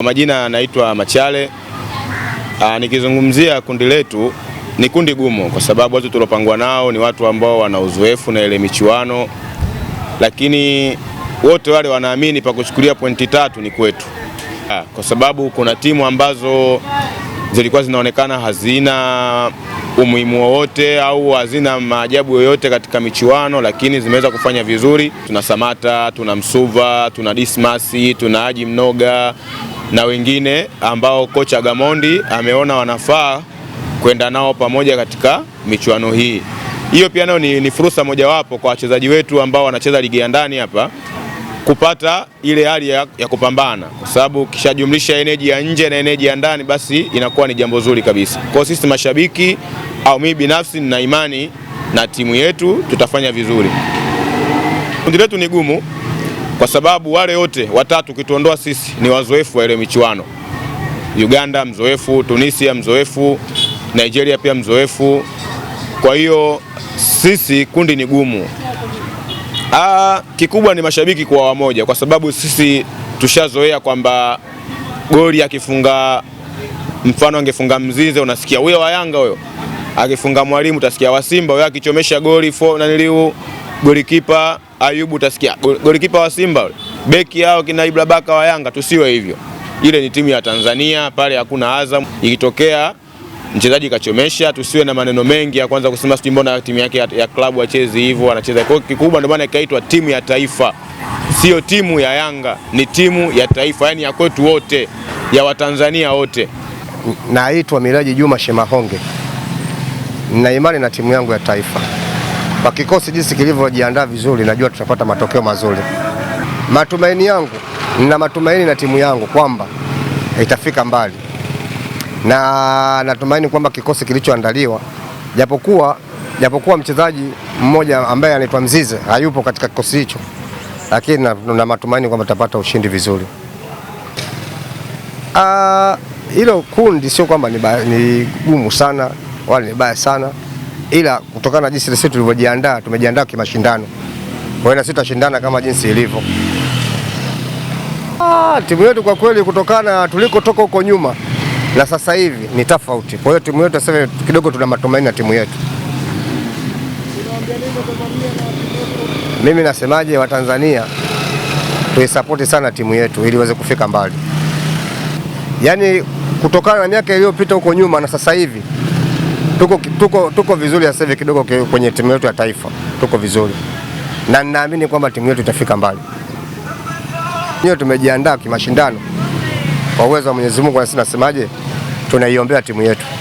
Kwa majina anaitwa Machale. Aa, ah, nikizungumzia kundi letu ni kundi gumu kwa sababu watu tuliopangwa nao ni watu ambao wana uzoefu na ile michuano, lakini wote wale wanaamini pa kuchukulia pointi tatu ni kwetu. Aa, ah, kwa sababu kuna timu ambazo zilikuwa zinaonekana hazina umuhimu wowote au hazina maajabu yoyote katika michuano, lakini zimeweza kufanya vizuri. Tuna Samata, tuna Msuva, tuna Dismasi, tuna Haji Mnoga na wengine ambao kocha Gamondi ameona wanafaa kwenda nao pamoja katika michuano hii. Hiyo pia nayo ni, ni fursa mojawapo kwa wachezaji wetu ambao wanacheza ligi ya ndani hapa kupata ile hali ya, ya kupambana kwa sababu kishajumlisha eneji ya nje na eneji ya ndani basi inakuwa ni jambo zuri kabisa. Kwa sisi mashabiki au mimi binafsi nina imani na timu yetu tutafanya vizuri. Kundi letu ni gumu kwa sababu wale wote watatu ukituondoa sisi ni wazoefu wa ile michuano. Uganda mzoefu, Tunisia mzoefu, Nigeria pia mzoefu. Kwa hiyo sisi kundi ni gumu. Aa, ah, kikubwa ni mashabiki kwa wamoja, kwa sababu sisi tushazoea kwamba goli akifunga mfano angefunga Mzize unasikia huyo wa Yanga huyo, akifunga Mwalimu utasikia wa Simba huyo, akichomesha goli naniliu golikipa Ayubu utasikia golikipa wa Simba ule, beki yao kina Ibra Baka wa Yanga. Tusiwe hivyo, ile ni timu ya Tanzania, pale hakuna Azam. Ikitokea mchezaji kachomesha, tusiwe na maneno mengi ya kwanza kusema sijui mbona timu yake ya, ya klabu achezi hivyo anacheza kwa kikubwa. Ndio maana ikaitwa timu ya taifa, sio timu ya Yanga, ni timu ya taifa, yani ya kwetu wote, ya Watanzania wote. Naitwa Miraji Juma Shemahonge, na imani na timu yangu ya taifa. Kwa kikosi jinsi kilivyojiandaa vizuri, najua tutapata matokeo mazuri. Matumaini yangu, na matumaini na timu yangu kwamba itafika mbali, na natumaini kwamba kikosi kilichoandaliwa, japokuwa japokuwa mchezaji mmoja ambaye anaitwa Mzize hayupo katika kikosi hicho, lakini na, na matumaini kwamba tutapata ushindi vizuri. Ah, hilo kundi sio kwamba ni, ni gumu sana wala ni baya sana ila kutokana na jinsi sisi tulivyojiandaa, tumejiandaa kimashindano, kwa hiyo na sisi tutashindana kama jinsi ilivyo. Ah, timu yetu kwa kweli kutokana tulikotoka huko nyuma na sasa hivi ni tofauti. Kwa hiyo timu yetu sasa kidogo tuna matumaini na timu yetu. Mimi nasemaje, Watanzania tuisapoti sana timu yetu ili iweze kufika mbali, yaani kutokana na miaka iliyopita huko nyuma na sasa hivi tuko, tuko, tuko vizuri sasa hivi kidogo kwenye timu yetu ya taifa, tuko vizuri na ninaamini kwamba timu yetu itafika mbali. Nyewe tumejiandaa kimashindano kwa uwezo wa Mwenyezi Mungu, sisi nasemaje, tunaiombea timu yetu.